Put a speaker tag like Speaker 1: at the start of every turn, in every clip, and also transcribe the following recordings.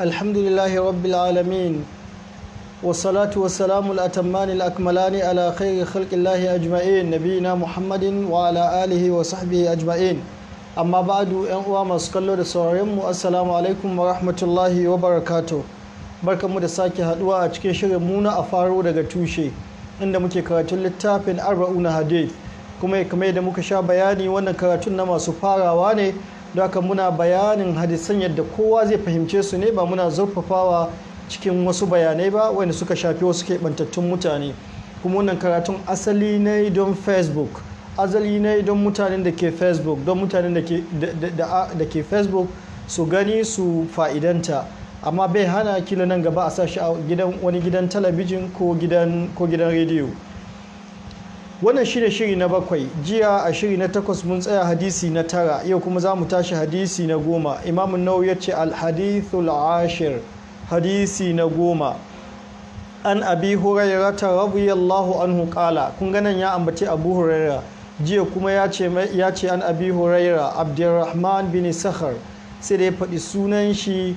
Speaker 1: alhamdulillahi rabbil alamin wasalatu wasalamu al'atamman al'akmalani ala khairi khalqillahi ajma'in nabiyina muhammadin wa ala alihi wa sahbihi ajma'in amma ba'adu yan uwa masu kallo da sauraren mu assalamu alaikum wa rahmatullahi wa barakato barkanmu da sake haduwa a cikin shirin muna a faro daga tushe inda muke karatun littafin arba'una hadith kuma kamar da muka sha bayani wannan karatun na masu farawa ne da haka muna bayanin hadisan yadda kowa zai fahimce su ne ba muna zurfafawa cikin wasu bayanai ba wanda suka shafi wasu keɓantattun mutane kuma wannan karatun asali ne don facebook asali ne don mutanen da ke facebook don mutanen da ke facebook su gani su fa'idanta amma bai hana kilo nan gaba a sashi a wani gidan talabijin ko gidan rediyo wannan shine shiri na bakwai jiya a shiri na takwas mun tsaya hadisi na tara yau kuma za mu tashi hadisi na goma imamun nau ya ce alhadithul ashir hadisi na goma an abi hurairata allahu an hukala kun ganin ya ambaci abu huraira jiya kuma ya ce an abi huraira abdurrahman bin sahar sai da ya faɗi sunan shi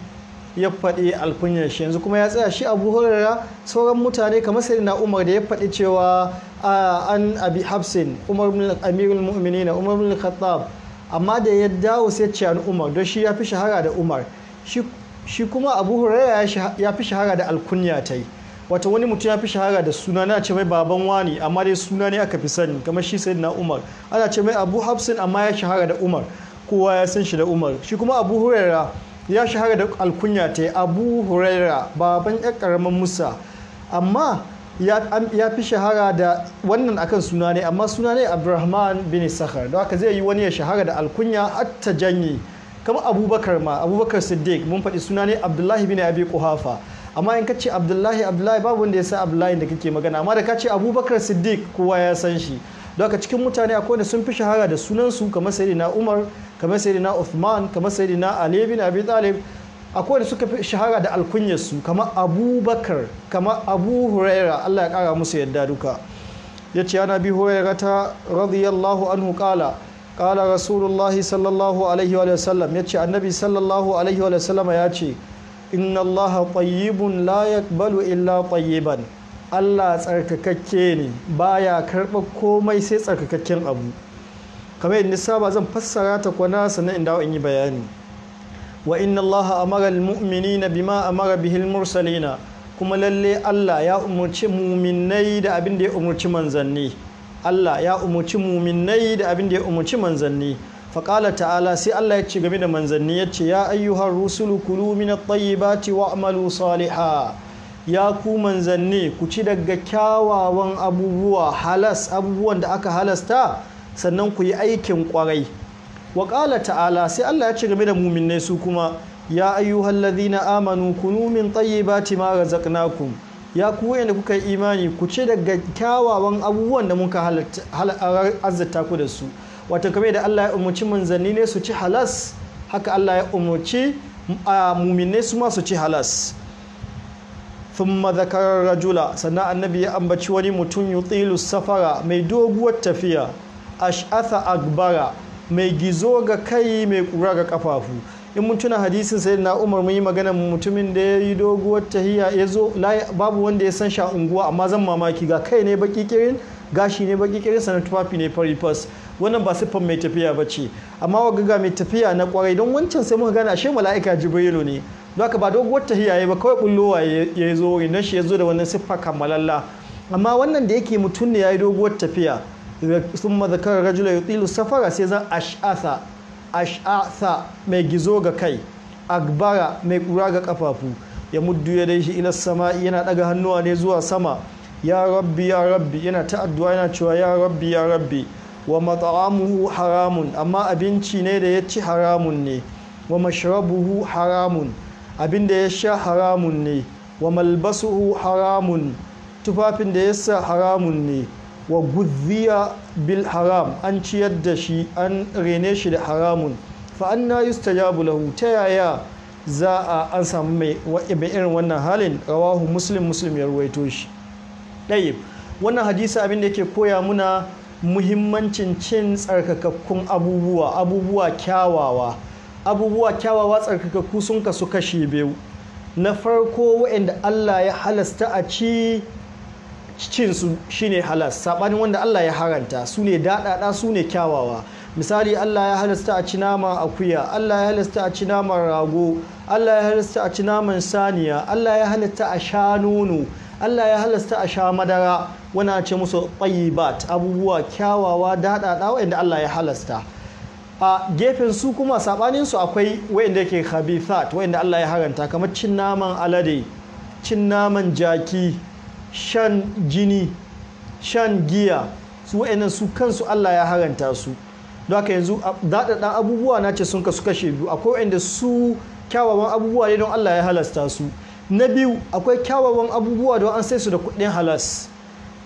Speaker 1: ya faɗi alkunyar shi yanzu kuma ya tsaya shi abu huraira sauran mutane kamar sai na umar da ya faɗi cewa an abi hafsin umar amirul mu'minina umar bin khattab amma da ya dawo sai ce an umar don shi ya fi shahara da umar shi kuma abu huraira ya fi shahara da alkunya ta yi wata wani mutum ya fi shahara da suna na ce mai baban wani amma dai suna ne aka fi sani kamar shi sai na umar ana ce mai abu hafsin amma ya shahara da umar kowa ya san shi da umar shi kuma abu huraira ya shahara da alkunya ta yi abu huraira baban yar karamin musa amma ya fi shahara da wannan akan suna ne amma suna ne abdurrahman bin sakhar da haka zai yi wani ya shahara da alkunya hatta janyi kamar abubakar ma abubakar siddiq mun faɗi suna ne abdullahi bin abi kuhafa amma in ka ce abdullahi abdullahi babu wanda ya san abdullahi da kake magana amma da ka ce abubakar siddiq kowa ya san shi don haka cikin mutane akwai wanda sun fi shahara da sunansu kamar sayyidina umar kamar sayyidina uthman kamar sayyidina ali bin abi talib akwai da suka fi shahara da alkunyarsu kama abubakar kama abu huraira allah ya kara musu yadda duka ya ce ana bi huraira ta radiyallahu anhu kala kala rasulullahi sallallahu alaihi wa sallam ya ce annabi sallallahu alaihi wa sallam ya ce inna allah tayyibun la balu illa tayyiban allah tsarkakakke ne baya karba komai sai tsarkakakken abu kamar yadda saba zan fassara ta kwana sannan inda dawo in yi bayani وإن الله أمر المؤمنين bima mara bihil mursalina kuma lalle Allah ya umarci muminai da abin da ya umarci manzanni Allah ya umarci muminai da abin da ya umarci manzanni faƙala ta'ala sai Allah ya ci game da manzanni ya ce ya ayyuhar rusulu kulu min at-tayyibati wa'malu saliha ya ku manzanni ku ci daga kyawawan abubuwa halas abubuwan da aka halasta sannan ku yi aikin kwarai wa ta'ala sai Allah ya ce game da muminai su kuma ya na amanu kunu min tayyibati ma razaqnakum ya ku wayanda kuka yi imani ku ce daga kyawawan abubuwan da muka azzata ku da su wata kame da Allah ya umarci manzanni ne su ci halas haka Allah ya umarci a su ma su ci halas thumma zakara rajula sannan annabi ya ambaci wani mutum yutilu safara mai doguwar tafiya ash'atha akbara mai gizo ga kai mai kura ga kafafu in mun tuna hadisin sai na umar mun yi magana mutumin da ya yi doguwar tahiya ya zo babu wanda ya san sha unguwa amma zan mamaki ga kai ne baki kirin gashi ne baki kirin sanar tufafi ne fari fas wannan ba siffan mai tafiya ba ce amma wa gaga mai tafiya na kwarai don wancan sai muka gana ashe mala'ika jibrilu ne haka ba doguwar tahiya ya ba kawai bullowa ya zo wurin don shi ya zo da wannan siffa kammalalla amma wannan da yake mutum ne ya yi doguwar tafiya sun mazakar rajula ya tsilu safara sai zan ash'asa ash'asa mai gizo ga kai agbara mai kura ga kafafu ya muddu ya dai shi ila sama yana daga hannuwa ne zuwa sama ya rabbi ya rabbi yana ta addu'a yana cewa ya rabbi ya rabbi wa mat'amuhu haramun amma abinci ne da ya ci haramun ne wa mashrabuhu haramun abin da ya sha haramun ne wa malbasuhu haramun tufafin da ya sa haramun ne wa guziya bil haram an ciyar da shi an rene shi da haramun fa anna yustajabu lahu ta yaya za a an samu mai irin wannan halin rawahu muslim muslim ya ruwaito shi ɗaya wannan hadisi abin da yake koya muna muhimmancin cin tsarkakakkun abubuwa abubuwa kyawawa abubuwa kyawawa tsarkakakku sun kasu kashe biyu na farko waɗanda allah ya halasta a ci cin su shine halas saɓanin wanda Allah ya haranta su ne daɗaɗa su ne kyawawa misali Allah ya halasta a ci akuya Allah ya halasta a ci rago Allah ya halasta a ci saniya Allah ya halasta a sha nono Allah ya halasta a sha madara wana ce musu bat abubuwa kyawawa daɗaɗa wa'inda Allah ya halasta a gefen su kuma sabanin su akwai wa'inda ke habithat wa'inda Allah ya haranta kamar cin naman alade cin naman jaki shan jini shan giya su wa'annan su kansu Allah ya haranta su don haka yanzu daɗaɗɗan abubuwa na ce sun kasu kashe biyu akwai wa'anda su kyawawan abubuwa ne don Allah ya halasta su na biyu akwai kyawawan abubuwa don an sai su da kuɗin halas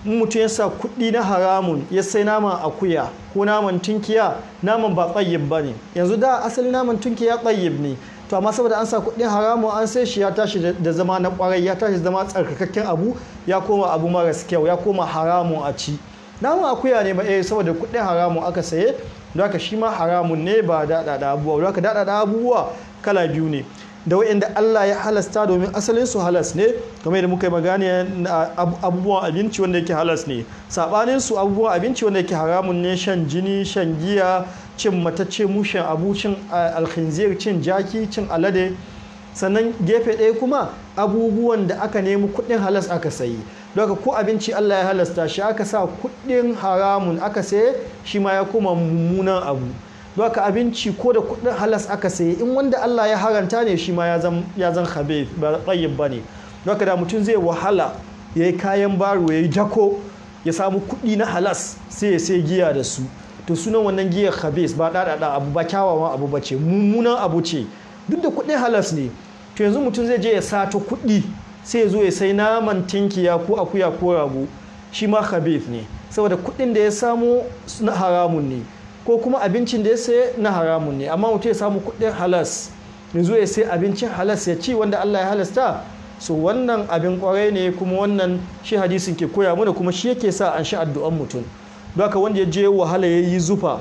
Speaker 1: in mutum ya sa kuɗi na haramun ya sai naman akuya ko naman tunkiya naman ba tsayyib ba ne yanzu da asalin naman tunkiya tsayyib ne to amma saboda an sa kuɗin haramu an sai shi ya tashi da zama na kwarai ya tashi zama tsarkakakken abu ya koma abu mara kyau ya koma haramu a ci namun akuya ne ba eh saboda kuɗin haramu aka saye don haka shi ma haramun ne ba daɗaɗa abubuwa don haka daɗaɗa abubuwa kala biyu ne da wa'inda Allah ya halasta domin asalin su halas ne kamar yadda muka yi magana abubuwan abinci wanda yake halas ne saɓanin su abubuwan abinci wanda yake haramun ne shan jini shan giya cin matacce mushin abu cin alkhinzir cin jaki cin alade sannan gefe ɗaya kuma abubuwan da aka nemi kuɗin halas aka sayi daga ko abinci Allah ya halasta shi aka sa kuɗin haramun aka saye shi ma ya koma mummunan abu daga abinci ko da kuɗin halas aka saye in wanda Allah ya haranta ne shi ma ya zan habe ba tsayin ba ne daga da mutum zai wahala ya yi kayan baro ya yi jako ya samu kuɗi na halas sai ya sai giya da su to sunan wannan giyar habis ba da abu ba kyawawan abu ba ce mummunan abu ce duk da kuɗin halas ne to yanzu mutum zai je ya sato kuɗi sai ya zo ya sai naman ya ko akuya ko rago shi ma habis ne saboda kuɗin da ya samu na haramun ne ko kuma abincin da ya sai na haramun ne amma mutum ya samu kuɗin halas yanzu ya sai abincin halas ya ci wanda Allah ya halasta so wannan abin kwarai ne kuma wannan shi hadisin ke koya mana kuma shi yake sa an sha addu'an mutum duka wanda ya je wahala ya yi zufa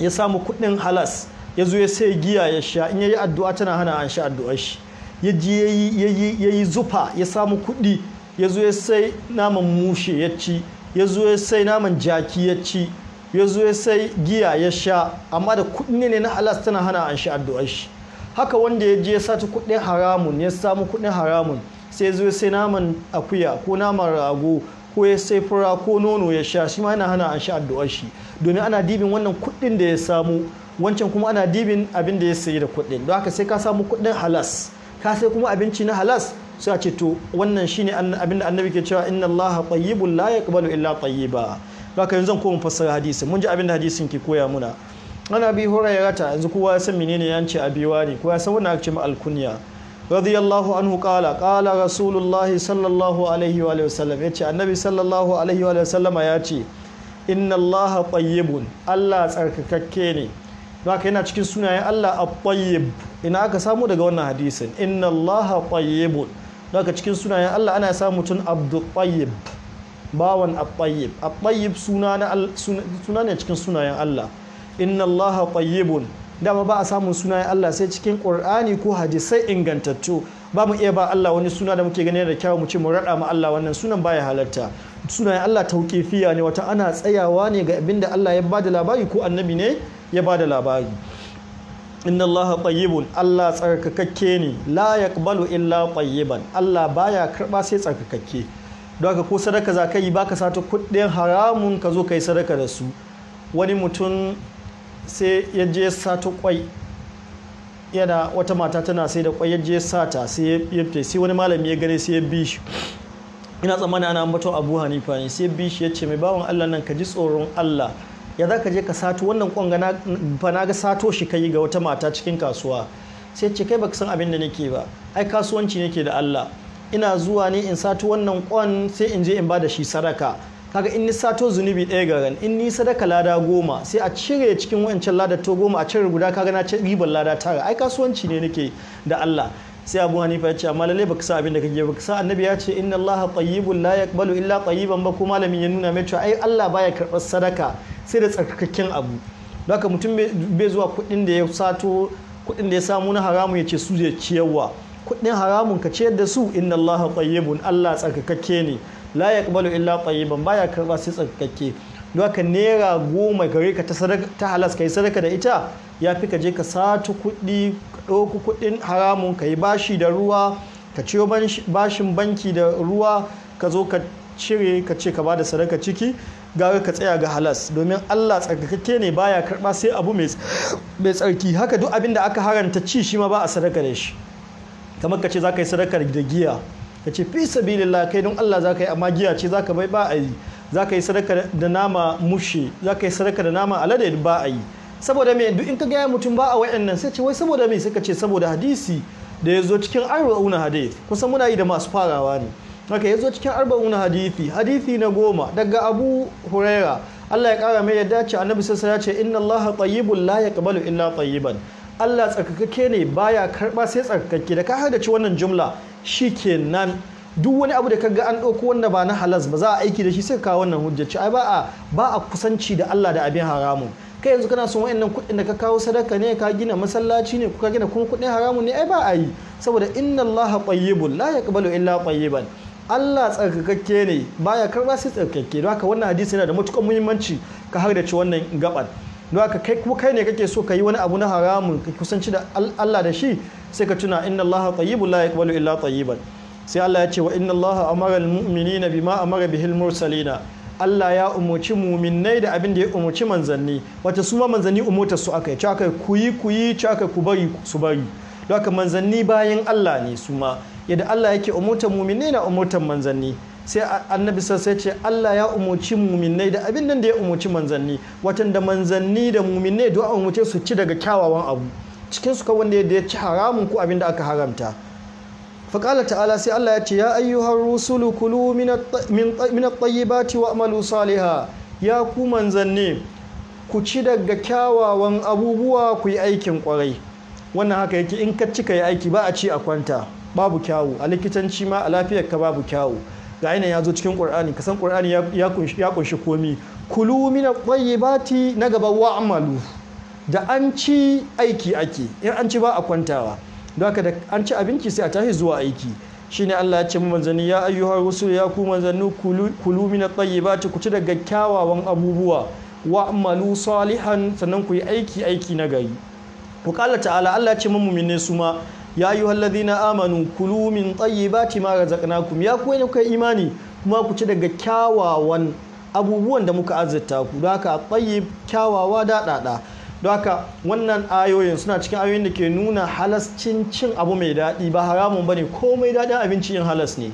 Speaker 1: ya samu kudin halas ya zo ya sai giya ya sha in ya yi addu'a tana hana an sha addu'ar shi ya ji ya yi zufa ya samu kuɗi ya zo ya sai naman mushe ya ci ya zo ya sai naman jaki ya ci ya zo ya sai giya ya sha amma da kuɗi ne na halas tana hana an sha addu'ar shi haka wanda ya je ya sati kudin haramun ya samu kudin haramun sai ya zo ya sai naman akuya ko naman rago ko ya sai fura ko nono ya sha shi ma yana hana an sha addu'ar shi domin ana dibin wannan kuɗin da ya samu wancan kuma ana dibin abin da ya sayi da kuɗin don haka sai ka samu kuɗin halas ka sai kuma abinci na halas sai a ce to wannan shine abin da annabi ke cewa inna allaha tayyibun la yaqbalu illa tayyiba ba haka yanzu zan koma fassara hadisi mun ji abin da hadisin ke koya muna ana bi horayarata yanzu kowa ya san menene yanci abiwa ne kowa ya san wannan ake cewa alkunya رضي الله عنه قال قال رسول الله صلى الله عليه وآله وسلم يتي النبي صلى الله عليه وآله وسلم ياتي إن الله طيب الله تركككيني haka yana cikin sunayen Allah at-tayyib ina aka samu daga wannan hadisin inna Allah tayyibun haka cikin sunayen Allah ana samu tun abdu tayyib bawan at-tayyib at-tayyib suna ne cikin sunayen Allah inna Allah tayyibun dama ba a samun sunayen Allah sai cikin Qur'ani ko hadisai ingantattu ba mu iya ba Allah wani suna da muke gani da kyawu mu ce mu rada ma Allah wannan sunan baya halarta sunayen Allah tauqifiya ne wata ana tsayawa ne ga abinda Allah ya bada labari ko annabi ne ya bada labari inna Allah tayyibun Allah tsarkakakke ne la yaqbalu illa tayyiban Allah baya karba sai tsarkakakke don haka ko sadaka za baka sata kuɗin haramun ka zo ka yi sadaka da su wani mutum sai ya je sato kwai yana wata mata tana sai da kwai ya je sata sai ya fita sai wani malami ya gane sai ya bi shi ina tsammani ana mato abu hanifa ne sai bi shi ya ce mai bawan allah nan ka ji tsoron allah ya za ka je ka sato wannan kwanga fa na ga sato shi kai ga wata mata cikin kasuwa sai ce kai baka san abin da nake ba ai kasuwanci nake da allah ina zuwa ne in sato wannan kwan sai in je in ba da shi sadaka kaga in ni sato zunubi ɗaya ran in ni sadaka lada goma sai a cire cikin wancan lada to goma a cire guda kaga na ce ribar lada tara ai kasuwanci ne nake da Allah sai Abu Hanifa ya ce amma lalle baka sa abin da kake baka sa annabi ya ce inna Allah tayyibun la yaqbalu illa tayyiban ba ko malamin ya nuna mai cewa ai Allah baya karɓar sadaka sai da tsarkakakken abu don haka mutum bai zuwa kuɗin da ya sato kuɗin da ya samu na haramu ya ce su zai ciyarwa kuɗin haramun ka ciyar da su inna Allah tayyibun Allah tsarkakakke ne la kabalu illa tayyiban baya karba sai tsarkake don haka naira goma gare ka ta sadaka ta halas kai sadaka da ita ya fi ka je ka satu kuɗi ka ɗauki kuɗin haramun ka yi bashi da ruwa ka ciyo bashin banki da ruwa ka zo ka cire ka ce ka ba da sadaka ciki gara ka tsaya ga halas domin Allah tsarkakakke ne baya karba sai abu mai tsarki haka duk abin da aka haranta ci shi ma ba a sadaka da shi kamar ka ce za ka yi sadakar da giya ka ce fi sabilillah kai don Allah za ka yi amma giya ce za ka bai ba yi za ka yi sadaka da nama mushe za ka yi sadaka da nama alade ba a yi saboda me duk in ka gaya mutum ba a wayannan sai ce wai saboda me suka ce saboda hadisi da ya zo cikin arba'una hadith kusan muna yi da masu farawa ne haka ya zo cikin arba'una hadithi hadithi na goma daga abu huraira Allah ya kara mai yadda ce annabi sassa ya ce inna Allah tayyibun la yaqbalu illa tayyiban Allah tsarkakake ne baya karba sai tsarkake da ka ci wannan jumla shi shikenan duk wani abu da kaga an ɗauko wanda ba na halas ba za a aiki da shi sai kawo wannan hujjaci ai ba a ba a kusanci da Allah da abin haramun kai yanzu kana son wayannan kuɗin da ka kawo sadaka ne ka gina masallaci ne ka gina kuma kuɗin haramun ne ai ba a yi saboda inna Allah tayyibun la yaqbalu illa tayyiban Allah tsarkakakke ne baya karba sai tsarkakakke don haka wannan hadisi yana da matukar muhimmanci ka har da ci wannan gaɓan. don haka kai kuma kai ne kake so ka yi wani abu na haramun ka kusanci da Allah da shi sai ka tuna inna Allah tayyibun la yaqbalu illa tayyiban sai Allah ya ce wa inna Allah amara almu'minina bima amara bihil mursalina Allah ya umarci muminai da abin da ya umarci manzanni wata su ma manzanni umarta su aka yi ci aka kuyi kuyi ci aka ku bari su bari don haka manzanni bayan Allah ne su ma yadda Allah yake umarta muminnai na umartar manzanni sai annabi sai ce Allah ya umarci muminai da abin nan da ya umarci manzanni watan da manzanni da muminai a umarce su ci daga kyawawan abu cikin suka wanda ya ci haramun ku abin da aka haramta faƙala ta'ala sai Allah ya ce ya ayyuhar rusulu kulu min at-tayyibati amalu saliha ya ku manzanni ku ci daga kyawawan abubuwa ku yi aikin kwarai wannan haka yake in ka cika yi aiki ba a ci a kwanta babu kyawu a likitanci ma a lafiyar ka babu kyawu ga ainihin ya zo cikin ka kasan Kur'ani ya kunshi komi kulu ƙwaye ba ti na gaba wa amalu da an ci aiki ake in an ci ba a kwantawa don haka da an ci abinci sai a tashi zuwa aiki Shi ne Allah ya ce mu manzanni ya ayyuhar wasu ya ku manzannu kulu ƙwaye ba tayyibati ku ci daga kyawawan abubuwa wa amalu salihan sannan ku yi aiki aiki na gari ku kala ta'ala Allah ya ce mu mummune su ma ya yi na amanu kulu min mara marazakana razaqnakum ya kuwa ne kai imani kuma ku ci daga kyawawan abubuwan da muka arzita ku da aka tayyib kyawawa daɗaɗa da aka wannan ayoyin suna cikin ayoyin da ke nuna halascin cin abu mai daɗi ba haramun ba ne ko mai daɗin abinci yin halas ne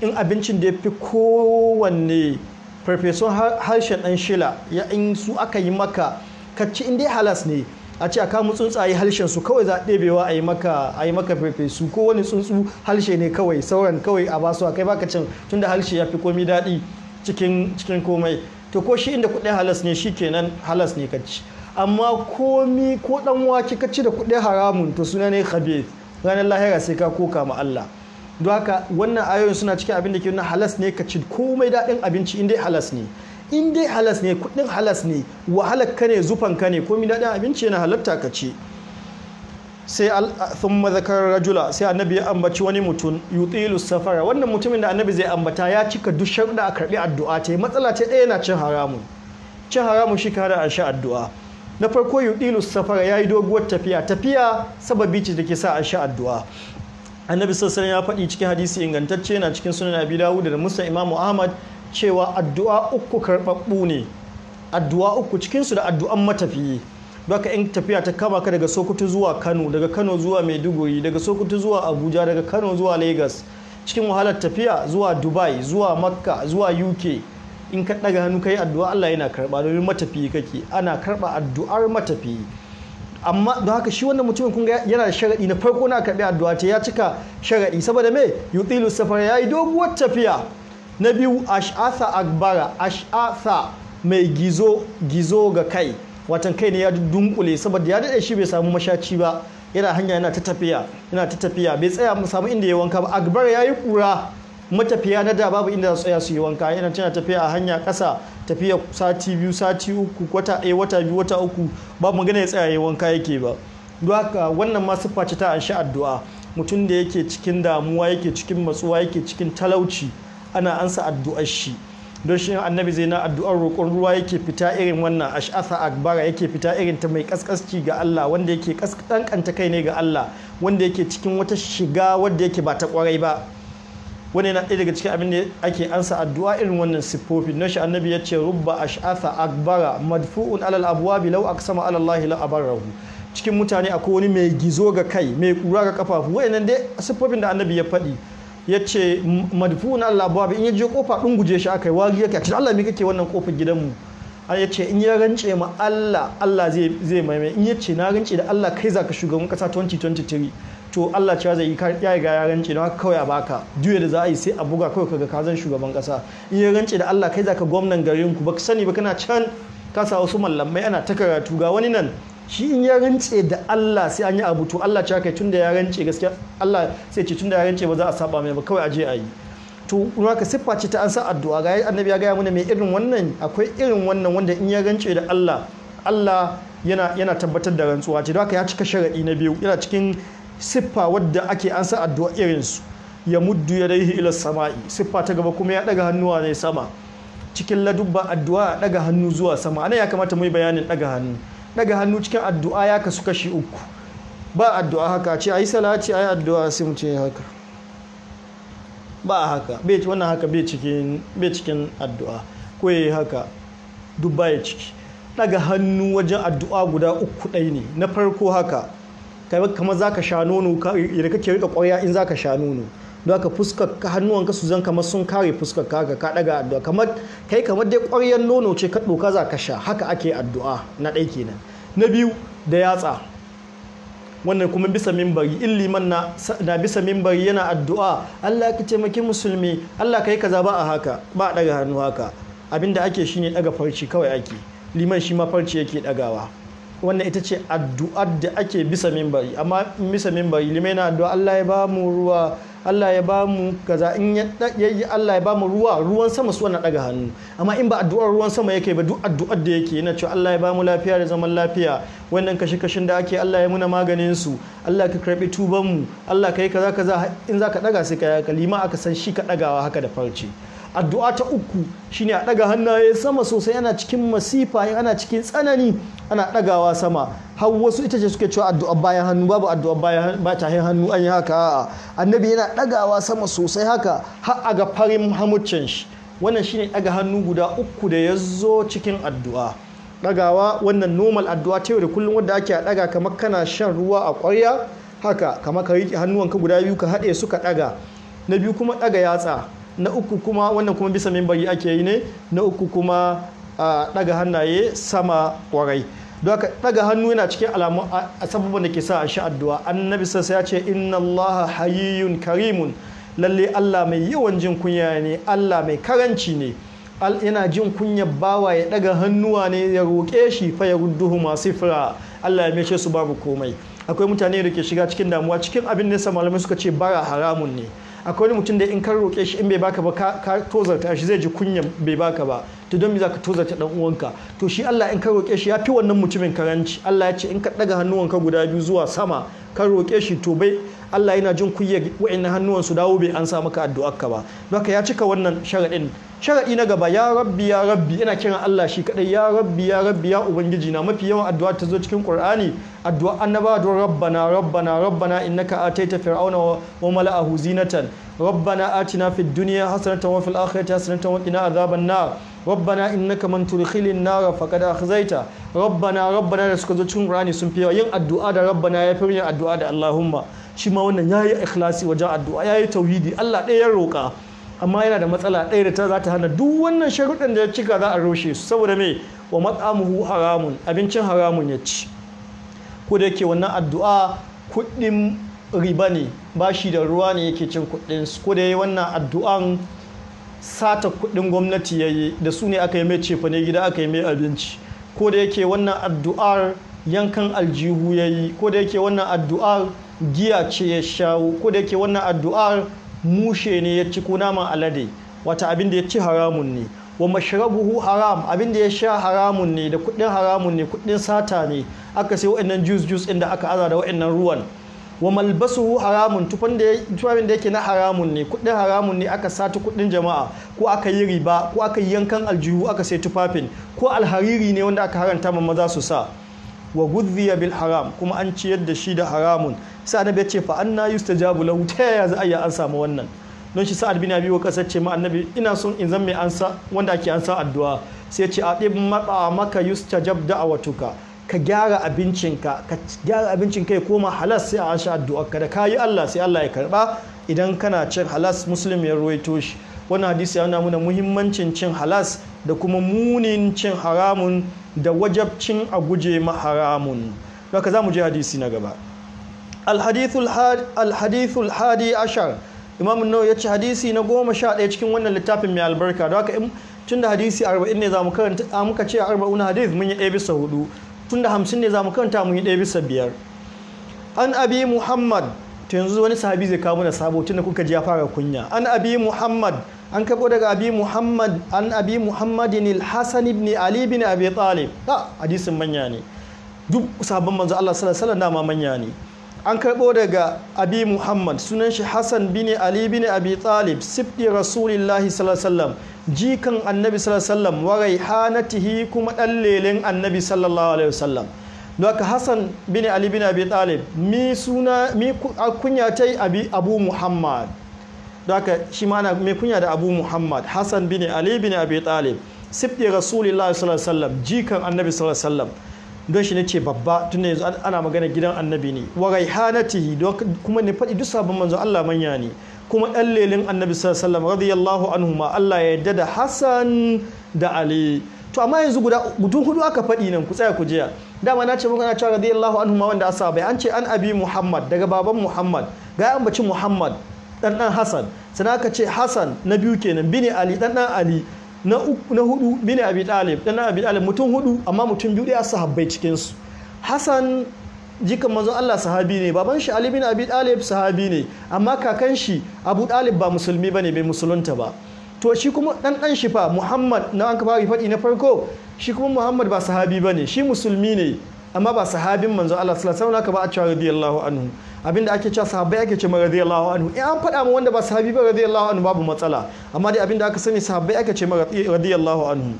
Speaker 1: in abincin da ya fi kowanne farfesun harshen ɗan shila ya in su aka yi maka kacci in dai halas ne a ce a kamu tsuntsaye harshen su kawai za a ɗebewa a yi maka a su ko wani tsuntsu harshe ne kawai sauran kawai a basu a kai baka cin tunda harshe ya fi komi daɗi cikin cikin komai to ko shi inda kuɗin halas ne shi kenan halas ne ka ci amma komi ko ɗan wake ka ci da kuɗin haramun to suna ne kabe ranar lahira sai ka koka ma Allah don haka wannan ayoyin suna cikin abin da ke nuna halas ne ka ci komai daɗin abinci in halas ne in dai halas ne kudin halas ne wahalar ka ne zufan ka ne komi daɗin abinci yana halatta ka ce sai sun mazakar rajula sai annabi ya ambaci wani mutum yutilu safara wannan mutumin da annabi zai ambata ya cika duk sharuɗa a karɓi addu'a ta yi matsala ta ɗaya na cin haramu cin haramun shi ka a sha addu'a na farko yutilu safara ya yi doguwar tafiya tafiya sababi ce da ke sa a sha addu'a annabi sassan ya faɗi cikin hadisi ingantacce na cikin sunan abi dawud da musa imamu ahmad cewa addu'a uku karɓaɓɓu ne addu'a uku cikinsu da addu'an matafiyi baka in tafiya ta kama ka daga sokoto zuwa kano daga kano zuwa maiduguri daga sokoto zuwa abuja daga kano zuwa lagos cikin wahalar tafiya zuwa dubai zuwa makka zuwa uk in ka ɗaga hannu yi addu'a allah yana karɓa domin matafiye kake ana karɓa addu'ar matafiye amma don haka shi wannan mutumin kun yana da sharaɗi na farko na karɓi addu'a ta ya cika sharaɗi saboda me yutilu ya yi doguwar tafiya na biyu ash'asa akbara ash'asa mai gizo gizo ga kai watan kai ne ya dunkule saboda ya dade shi bai samu mashaci ba yana hanya yana ta tafiya yana ta tafiya bai tsaya mu samu inda ya wanka ba agbara ya yi kura matafiya na da babu inda tsaya su yi wanka yana tana tafiya a hanya kasa tafiya sati biyu sati uku wata wata biyu wata uku babu magana ya tsaya ya yi wanka yake ba don haka wannan ma siffa ta an sha addu'a mutum da yake cikin damuwa yake cikin matsuwa yake cikin talauci ana ansa addu'ar shi don shi annabi zai na addu'ar roƙon ruwa yake fita irin wannan ash'asa akbara yake fita irin ta mai kaskasci ga Allah wanda yake kaskanta kai ne ga Allah wanda yake cikin wata shiga wadda yake ba ta kwarai ba wani yana ɗaya daga cikin abin da ake ansa addu'a irin wannan siffofi na shi annabi ya ce rubba ash'atha akbara madfu'un alal abwabi law sama alallahi allahi la abarahu cikin mutane akwai wani mai gizo ga kai mai kura ga kafafu wainan dai siffofin da annabi ya faɗi ya ce madfuna Allah babu in ya kofa ɗin guje shi aka yi wari yake a cikin Allah me kake wannan kofar gidanmu an ya ce in ya rance ma Allah Allah zai maimai in ya ce na rance da Allah kai zaka shugaban kasa 2023 to Allah cewa zai yi ya riga ya rance don haka kawai a baka juya da za a yi sai a buga kawai kaga kazan shugaban kasa in ya rance da Allah kai zaka gwamnan garin ku baka sani ba kana can kasa sa wasu mallamai ana ta karatu ga wani nan shi in ya rance da Allah sai an yi abu to Allah ce kai tunda ya rance gaskiya Allah sai ce tunda ya rance ba za a saba mai ba kawai aje a yi to ka siffa ce ta an sa addu'a ga annabi ya gaya mana mai irin wannan akwai irin wannan wanda in ya rance da Allah Allah yana yana tabbatar da rantsuwa ce don haka ya cika sharadi na biyu yana cikin siffa wadda ake an sa addu'a irin su ya muddu ya daihi ila sama'i siffa ta gaba kuma ya daga hannuwa ne sama cikin ladubba addu'a daga hannu zuwa sama ana ya kamata mu yi bayanin daga hannu daga hannu cikin addu'a ya kasu kashi uku ba addu'a haka ce yi salati yi addu'a sai mu ce haka ba haka wannan haka bai cikin addu'a ko yi haka duk baya ciki daga hannu wajen addu'a guda uku ɗai ne na farko haka kamar ka sha nono da kake rika ƙwarya in za ka sha nono don ka fuskar ka su zan kamar sun kare fuskar ka ka daga addu'a kamar kai kamar dai ƙwaryar nono ce ka ɗoka za ka sha haka ake addu'a na ɗai kenan na biyu da yatsa wannan kuma bisa mimbari in liman na, bisa mimbari yana addu'a Allah ka taimaki musulmi Allah ka yi kaza ba a haka ba a daga hannu haka abinda ake shine daga farci kawai ake liman shi ma farci yake dagawa wannan ita ce addu'ar da ake bisa mimbari amma bisa mimbari limai na addu'a Allah ya ba mu ruwa Allah ya ba mu kaza in ya yi Allah ya ba mu ruwa ruwan sama su wannan daga hannu amma in ba addu'ar ruwan sama yake ba duk addu'ar da yake yana cewa Allah ya ba mu lafiya da zaman lafiya wannan kashi kashin da ake Allah ya muna maganin su Allah ka karbi tuban mu Allah ka yi kaza kaza in zaka daga sai ka yi kalima aka san shi ka dagawa haka da farce addu'a ta uku shine a ɗaga hannaye sama sosai ana cikin masifa in ana cikin tsanani ana ɗagawa sama har wasu ita ce suke cewa addu'a bayan hannu babu addu'a bayan ba ta hannu an yi haka a'a annabi yana ɗagawa sama sosai haka har a ga farin hamuccin shi wannan shine ɗaga hannu guda uku da ya zo cikin addu'a ɗagawa wannan normal addu'a ta yau da kullum wanda ake ɗaga kamar kana shan ruwa a ƙwarya haka kamar ka riƙe hannuwanka guda biyu ka haɗe su ka ɗaga na biyu kuma ɗaga yatsa na uku kuma wannan kuma bisa mimbari ake yi ne na uku kuma a daga hannaye sama kwarai don haka daga hannu yana cikin alamu a da ke sa a sha addu'a annabi sassa ya ce inna allaha hayyun karimun lalle allah mai yawan jin kunya ne allah mai karanci ne yana jin kunya bawa ya daga hannuwa ne ya roƙe shi fa ya rudduhu masu fira allah ya mece su babu komai akwai mutane da ke shiga cikin damuwa cikin abin nesa malamai suka ce bara haramun ne akwai wani mutum da in ka roƙe shi in bai baka ba ka tozarta shi zai ji kunya bai baka ba to don za ka tozarta dan uwanka to shi Allah in ka roƙe shi ya fi wannan mutumin karanci Allah ya ce in ka daga hannuwanka guda biyu zuwa sama kan roƙe shi to bai Allah yana jin kunya wa'annan hannuwan su dawo bai an sa maka addu'arka ba don haka ya cika wannan sharaɗin sharaɗi na gaba ya rabbi ya rabbi ina kiran Allah shi kadai ya rabbi ya rabbi ya ubangiji na mafi yawan addu'a ta zo cikin Qur'ani addu'a annabawa don rabbana rabbana rabbana innaka ataita fir'auna wa mala'ahu zinatan rabbana atina fid dunya hasanatan wa fil akhirati hasanatan wa qina adhaban nar rabbana innaka man tudkhilin nar faqad akhzaita rabbana rabbana da suka zo cikin Qur'ani sun fi yin addu'a da rabbana ya fi yin addu'a da Allahumma shi ma wannan yayi ikhlasi wajen addu'a yayi tauhidi Allah ɗaya ya roka amma yana da matsala ɗaya da ta za ta hana duk wannan sharuɗin da ya cika za a roshe su saboda mai wa mat'amuhu haramun abincin haramun ya ci ko da yake wannan addu'a kuɗin riba ne bashi da ruwa ne yake cin kuɗin su ko da yayi wannan addu'an sata kuɗin gwamnati yayi da su ne aka yi mai cefane gida aka yi mai abinci ko da yake wannan addu'ar yankan aljihu yayi ko da yake wannan addu'ar giya ce ya shawo ko da yake wannan addu'ar mushe ne ya ci ko naman alade wata abin da ya ci haramun ne wa mashrabuhu haram abin da ya sha haramun ne da kudin haramun ne kudin sata ne aka sai wa'annan juice juice inda aka aza da wa'annan ruwan wa malbasuhu haramun tufan da tufafin da yake na haramun ne kudin haramun ne aka sata kudin jama'a ko aka yi riba ko aka yi yankan aljihu aka sai tufafin ko alhariri ne wanda aka haranta ma maza su sa wa gudhiya bil haram kuma an ciyar da shi da haramun sa'ad na ya ce fa anna yustajabu lahu ta yaya za a yi an samu wannan don shi sa'ad bin abi kasar ce ma annabi ina son in zan mai ansa wanda ake ansa addu'a sai ce a adib mata maka yustajab da'awatuka ka gyara abincinka ka gyara abincinka ya koma halas sai a addu'a ka da yi Allah sai Allah ya karba idan kana cin halas muslim ya ruwaito shi wannan hadisi ya nuna muhimmancin cin halas da kuma munin cin haramun da wajabcin a guje ma haramun. Haka za mu je hadisi na gaba. alhadithul hadi ashar imam no ya ce hadisi na goma sha ɗaya cikin wannan littafin mai albarka da haka tun da hadisi arba'in ne za mu karanta a muka ce arba'un hadith mun yi ɗaya bisa hudu tun da hamsin ne za mu karanta mun yi ɗaya bisa biyar an abi muhammad to yanzu wani sahabi zai kawo mana sabo tun da kuka ji ya fara kunya an abi muhammad an kabo daga abi muhammad an abi muhammadin al-hasan ibn ali ibn abi talib ha ah, hadisin manya ne duk sahabban manzo Allah sallallahu alaihi wasallam dama manya ne an karɓo daga abi muhammad sunan shi hassan bin ali bin abi talib sibdi rasulillahi sallallahu jikan annabi sallallahu wa tihi kuma dan lelen annabi sallallahu alaihi wasallam doka hassan bin ali bin abi talib mi suna mi kunya ta abi abu muhammad doka shi mana mai kunya da abu muhammad hassan bin ali bin abi talib sifdi rasulillahi sallallahu alaihi jikan annabi sallallahu don shi ce babba tun yanzu ana magana gidan annabi ne wa raihanatihi kuma ne faɗi duk sabon manzo Allah manya ne kuma ɗan lelin annabi sallallahu alaihi wasallam radiyallahu ma Allah ya yadda da Hassan da Ali to amma yanzu guda mutum hudu aka faɗi nan ku tsaya ku jiya dama na ce muka na cewa radiyallahu ma wanda asa bai an ce an abi Muhammad daga baban Muhammad ga an baci Muhammad dan dan Hassan sannan aka ce Hassan na biyu kenan bini Ali dan ɗan Ali na uku na hudu abi dalib dan abi dalib mutum hudu amma mutum biyu da sahabbai cikin su hasan jika manzon Allah sahabi ne baban shi ali bin abi dalib sahabi ne amma kakan shi abu dalib ba musulmi bane bai musulunta ba to shi kuma dan dan shi fa muhammad na an ka fara faɗi na farko shi kuma muhammad ba sahabi bane shi musulmi ne amma ba sahabin manzo Allah sallallahu alaihi wasallam ba a cewa radiyallahu anhu abinda ake cewa sahabbai ake cewa radiyallahu anhu in an faɗa mu wanda ba sahabi ba radiyallahu anhu babu matsala amma dai abinda aka sani sahabbai ake cewa radiyallahu anhu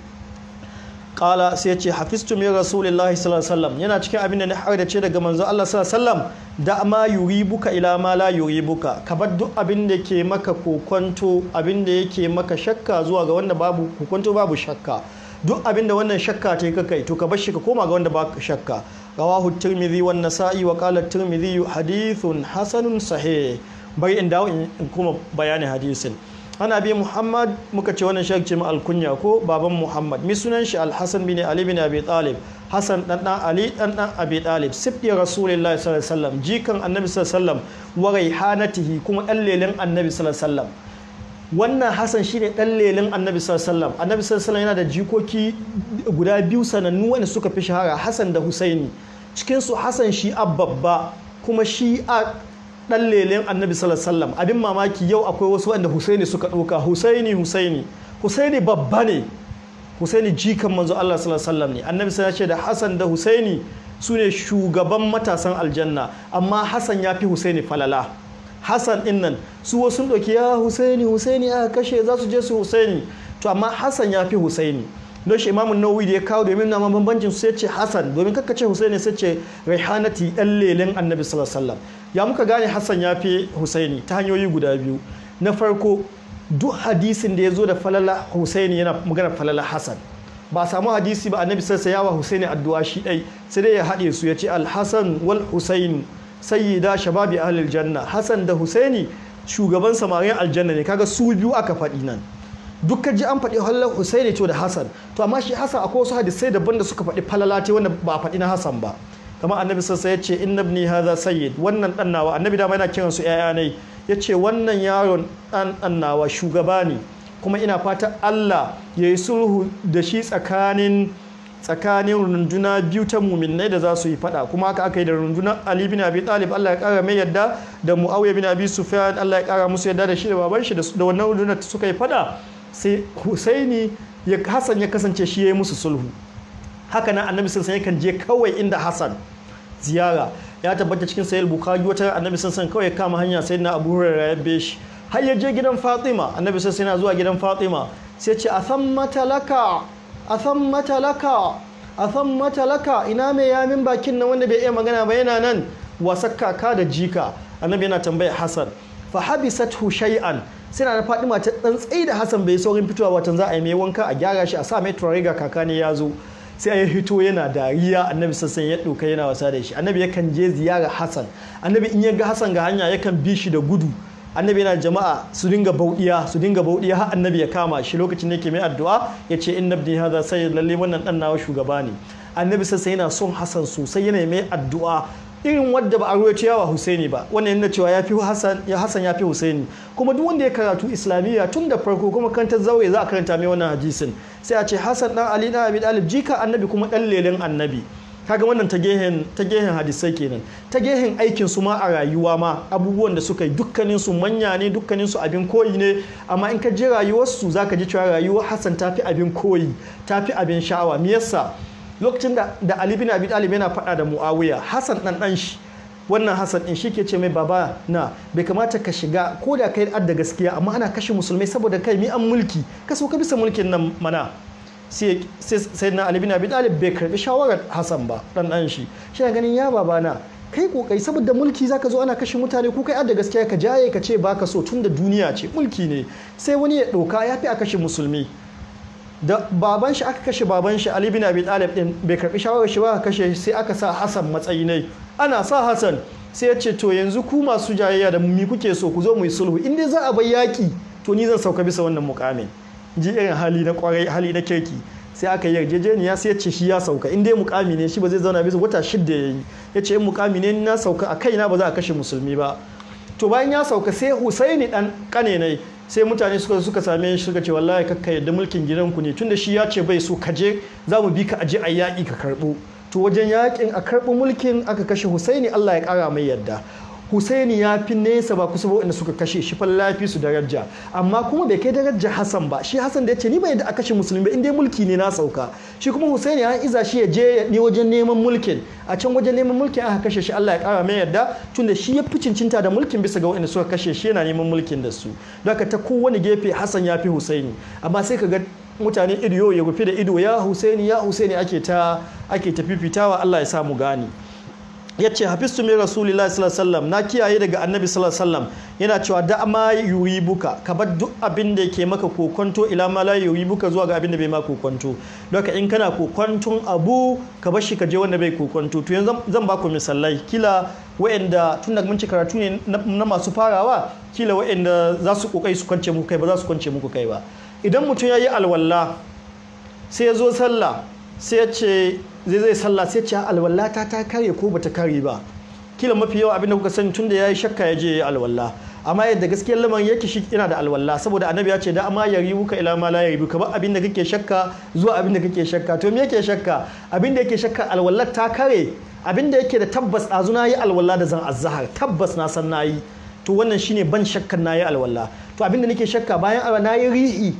Speaker 1: qala sai ya ce hafistu min rasulillahi sallallahu alaihi wasallam yana cikin abin da na har da ce daga manzo Allah sallallahu alaihi wasallam da ma yuribuka ila ma la yuribuka ka bar duk abin da ke maka kokonto abin da yake maka shakka zuwa ga wanda babu kokonto babu shakka duk abinda wannan shakka ta ka kai to ka bar shi ka koma ga wanda ba ka shakka rawahu tirmidhi wan nasa'i wa qala tirmidhi hadithun hasanun sahih bari in dawo in kuma bayanin hadisin ana bi muhammad muka ce wannan shakki ma alkunya ko baban muhammad mi sunan shi alhassan bin ali bin abi talib hassan dan dan ali dan dan abi talib sibdi rasulullahi sallallahu alaihi wasallam jikan annabi sallallahu alaihi wasallam wa raihanatihi kuma dan lelen annabi sallallahu alaihi wasallam wannan hassan shine dan lelin annabi sallallahu annabi sallallahu yana da jikoki guda biyu sanannu wanda suka fi shahara hassan da husaini cikin su hassan shi babba kuma shi a dan lelin annabi sallallahu abin mamaki yau akwai wasu wanda husaini suka ɗauka husaini husaini husaini babba ne husaini jikan manzo allah sallallahu ne annabi sallallahu ce da hassan da husaini su ne shugaban matasan aljanna amma hassan ya fi husaini falala hassan din nan su wasu ɗauki ya husaini husaini a kashe za su je su husaini to amma hassan ya fi husaini don shi imamun nawawi da ya kawo domin na bambancin su sai ce hassan domin kakka ce husaini sai ce raihanati ɗan lelen annabi sallallahu ya muka gane hassan ya fi husaini ta hanyoyi guda biyu na farko duk hadisin da ya zo da falala husaini yana magana falala hassan ba a samu hadisi ba annabi sallallahu alaihi wasallam ya wa husaini addu'a shi ɗai sai dai ya haɗe su ya ce alhassan wal husaini sayyida shababi ahlil janna hasan da Husaini shugaban samarin aljanna ne kaga su biyu aka faɗi nan ka ji an faɗi halal Husaini to da hasan to amma shi Hassan akwai wasu hadisai daban da suka faɗi falalate wanda ba a faɗi na Hassan ba kamar annabi sassa ya ce inna ibni hadha sayyid wannan dan nawa annabi da yana kiran su yaya ne ya ce wannan yaron dan dan nawa shugaba ne kuma ina fata Allah ya yi sulhu da shi tsakanin tsakanin runduna biyu ta muminai da za su yi fada kuma haka aka yi da rundunar Ali bin Abi Talib Allah ya kara mai yadda da Muawiya bin Abi Sufyan Allah ya kara musu yadda da shi da baban shi da wannan rundunar suka yi fada sai Husaini ya Hassan ya kasance shi ya yi musu sulhu haka nan Annabi sallallahu alaihi je kawai inda hasan ziyara ya tabbata cikin sahih Bukhari wata Annabi san kawai kama hanya sayyidina Abu Hurairah ya be shi har ya je gidan Fatima Annabi san yana zuwa gidan Fatima sai ce a san matalaka a san matalaka a san matalaka ina mai yamin bakin nan wanda bai iya magana ba yana nan wasan kaka da jika annabi yana tambaya hasan fa hu shay'an sai na Fadima ta dan tsayi da hasan bai saurin fitowa watan za a yi mai wanka a gyara shi a sa mai turare ga kakani ya zo sai a yi hito yana dariya annabi sassan ya ɗauka yana wasa da shi annabi yakan je ziyara hasan annabi in ya ga hasan ga hanya yakan bi shi da gudu annabi yana jama'a su dinga bauɗiya su dinga bauɗiya har annabi ya kama shi lokacin da yake mai addu'a ya ce in nabdi haza sai lalle wannan dan nawa shugaba ne annabi sassa yana son hasan sosai yana mai addu'a irin wadda ba a ruwaito yawa Husaini ba wannan yana cewa ya fi Hassan ya Hassan ya fi Husaini kuma duk wanda ya karatu Islamiyya tun da farko kuma kan ta zawai za a karanta mai wannan hadisin sai a ce Hassan dan Ali dan Abi Talib jika annabi kuma dan lelen annabi kaga wannan ta gehen ta gehen hadisai kenan ta gehen aikin su ma a rayuwa ma abubuwan da suka yi dukkanin su manya ne dukkanin su abin koyi ne amma in ka je rayuwar su zaka ji cewa rayuwar Hassan fi abin koyi tafi abin sha'awa me yasa lokacin da da Ali bin Abi Talib yana faɗa da Muawiya Hassan dan dan shi wannan Hassan din shike ce mai baba na bai kamata ka shiga ko da kai adda gaskiya amma ana kashe musulmai saboda kai mi an mulki ka so ka bisa mulkin nan mana sai na Ali bin Abi Talib bai karbi shawarar Hassan ba dan dan shi shi ganin ya babana kai kokai saboda mulki zaka zo ana kashe mutane ko kai da gaskiya ka jaye ka ce baka so tun da duniya ce mulki ne sai wani ya doka ya fi a kashe musulmi da baban shi aka kashe baban shi Ali bin Abi Talib din bai karbi shawarar shi ba kashe sai aka sa Hassan matsayi ne ana sa Hassan sai ya ce to yanzu ku masu jayayya da mu kuke so ku zo mu yi sulhu in dai za a bai yaki to ni zan sauka bisa wannan mukamin ji irin hali na kwarai hali na kirki sai aka yi yarjejeniya sai ya ce shi ya sauka in dai mukami ne shi ba zai zauna bisa wata shidda ya yi ya ce in mukami ne na sauka a kaina ba za a kashe musulmi ba to bayan ya sauka sai husaini dan kane ne sai mutane suka suka same shi suka ce wallahi kakka yadda mulkin gidan ku ne tunda shi ya ce bai so kaje za mu bi ka aje a yaƙi ka karɓo to wajen yakin a karɓi mulkin aka kashe husaini allah ya ƙara mai yadda husaini ya fi nesa ba kusa waɗanda suka kashe shi fallafi su daraja amma kuma bai kai daraja Hassan ba shi Hassan da yace ni bai da a kashe musulmi ba in dai mulki ne na sauka shi kuma husaini ya iza shi ya je ne wajen neman mulkin a can wajen neman mulkin aka kashe shi Allah ya kara mai yarda da shi ya fi cincinta da mulkin bisa ga wanda suka kashe shi yana neman mulkin da su don haka ta kowane gefe Hassan ya fi husaini amma sai ka ga mutane ido ya rufe da ido ya husaini ya husaini ake ta ake ta Allah ya samu gani ya ce hafistu min rasulillahi sallallahu na kiyaye daga annabi sallallahu yana cewa da ma yuri buka ka bar duk abin da yake maka kokonto ila ma la yuri buka zuwa ga abin da bai ma kokonto don in kana kokonton abu ka bar shi ka je wanda bai kokonto to yanzu zan ba ku misalai kila wa'anda tun daga mun ci karatu ne na masu farawa kila wa'anda za su kokai su kwance muku kai ba za su kwance muku kai ba idan mutum ya yi alwala sai ya zo sallah sai ya ce zai zai sallah sai ce alwala ta ta kare ko bata kare ba kila mafi yawa abinda kuka sani tunda yayi shakka ya je yayi alwalla amma yadda gaskiyar lamarin yake shi yana da alwala. saboda annabi ya ce da amma ya ribu ka ila ma la ka ba abinda kake shakka zuwa abinda kake shakka to me yake shakka abinda yake shakka alwallar ta kare abinda yake da tabbas azuna yi alwala da zan azhar tabbas na san nayi to wannan shine ban shakkan nayi alwalla to abinda nake shakka bayan yi ri'i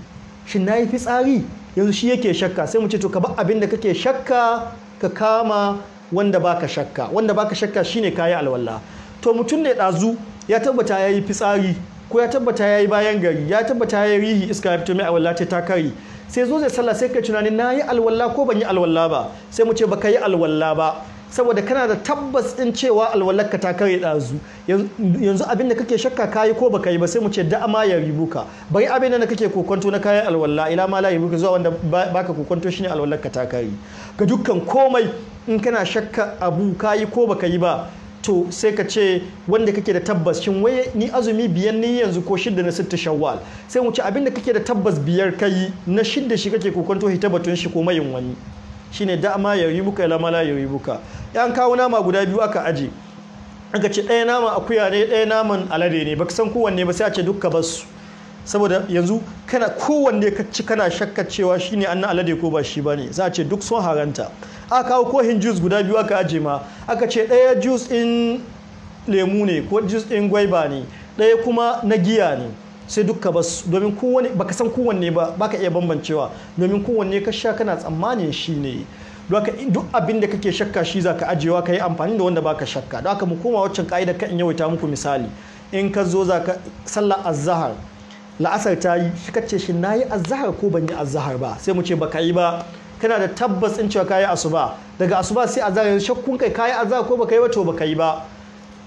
Speaker 1: shin nayi fitsari yanzu shi yake shakka sai mu ce to ka bar abin da kake shakka ka kama wanda baka shakka wanda baka shakka shine kayi alwala to mutum ne dazu ya tabbata yayi fitsari ko ya tabbata yayi bayan gari ya tabbata yayi rihi iska ya fito mai alwala ta kari sai zo zai sallah sai ka tunanin nayi alwala ko ban yi alwala ba sai mu ce baka yi alwala ba saboda kana da tabbas din cewa alwalarka ta kare ɗazu yanzu abin da kake shakka kayi ko baka yi ba sai mu ce da'ama ya ribuka bari abin da kake kokonto na kayan alwala ila ma la ka zuwa wanda baka kokonto shine alwalarka ta kare ga dukkan komai in kana shakka abu kayi ko baka yi ba to sai ka ce wanda kake da tabbas shin wai ni azumi biyan ni yanzu ko shidda na sitta shawwal sai mu ce abin da kake da tabbas biyar kai na shidda shi kake kokonto hita batun shi ko mayin wani shine da'ama yaribuka ila mala yaribuka yan kawo nama guda biyu aka aje aka ce ɗaya nama akuya ne ɗaya naman alade ne baka san kowanne ba sai a ce dukka basu saboda yanzu kana kowanne ka ci kana shakkar cewa shine annan alade ko ba shi ne. za a ce duk sun haranta aka kawo kohin juice guda biyu aka aje ma aka ce ɗaya juice in lemu ne ko juice in gwaiba ne ɗaya kuma na giya ne sai dukka ba domin kowane baka san kowanne ba baka iya bambancewa domin kowanne ka sha kana tsammanin shi ne duk abin da kake shakka shi za ka ajiyewa ka yi amfani da wanda baka shakka don haka mu koma waccan ka'idar ka in yawaita muku misali in ka zo za ka sallar azahar la'asar ta yi shi kace shi na yi azahar ko ban yi azahar ba sai mu ce ba ka yi ba kana da tabbas in cewa ka yi asuba daga asuba sai azahar shakkun kai ka yi azahar ko ba ka yi ba to ka yi ba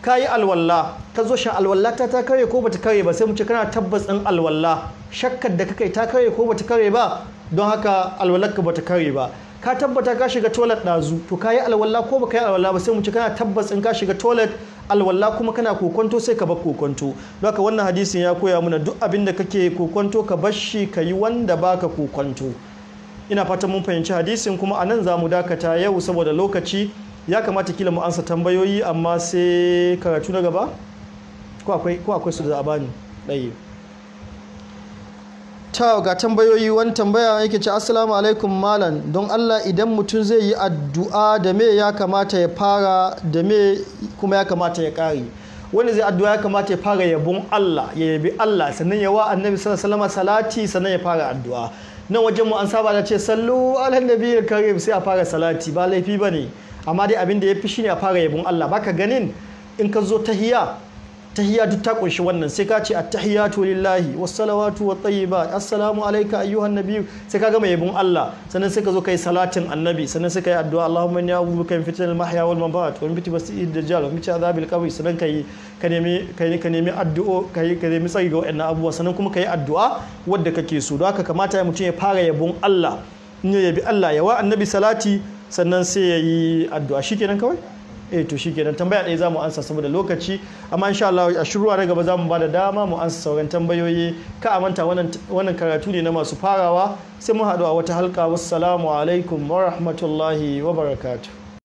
Speaker 1: ka yi alwalla ta zo shan alwalla ta ta karye ko bata karye ba sai mu ce kana tabbas din alwallah shakkar da kakai ta karye ko bata karye ba don haka ka bata karye ba ka tabbata ka shiga toilet dazu to kayi yi alwalla ko baka yi alwallah ba sai mu ce kana tabbas din ka shiga toilet alwalla kuma kana kokonto sai ka bar kokonto don haka wannan hadisin ya koya mana duk abin da kake kokonto ka bar shi ka yi wanda baka kokonto ina fatan mun fahimci hadisin kuma anan za mu dakata yau saboda lokaci ya kamata kila mu ansa tambayoyi amma sai karatu na gaba ko akwai su da abani ɗaya ta ga tambayoyi wani tambaya yake ce assalamu alaikum malam don allah idan mutum zai yi addu'a da me ya kamata ya fara da me kuma ya kamata ya kare wani zai addu'a ya kamata ya fara yabon allah ya yabi allah sannan ya wa annabi sallama salati sannan ya fara addu'a nan wajen mu an saba da ce sallu alhannabi nabiyil karim sai a fara salati ba laifi ba ne. amma dai abin da ya fi shine a fara yabon Allah baka ganin in ka zo tahiya tahiya duk ta kunshi wannan sai ka ce attahiyatu lillahi was-salawatu wassalawatu wattayyibat assalamu alayka ayyuhan nabiy sai ka gama yabon Allah sannan sai ka zo kai salatin annabi sannan sai ka yi addu'a Allahumma inni a'udhu bika min fitnatil mahya wal mamat wa min fitnati basiid dajjal wa min adhabil qabr sannan kai ka nemi ka nemi addu'o kai ka nemi tsari ga waɗannan abubuwa sannan kuma ka yi addu'a wadda kake so don haka kamata mutum ya fara yabon Allah in ya yabi Allah ya wa annabi salati sannan sai ya yi addu'a shikenan kawai eh to shikenan tambaya ɗaya za mu ansa saboda lokaci amma insha Allah a shiruwa na gaba za mu ba da dama mu ansa sauran tambayoyi ka a manta wannan karatu ne na masu farawa sai mu haɗu a wata halka wassalamu alaikum wa rahmatullahi wa barakatuh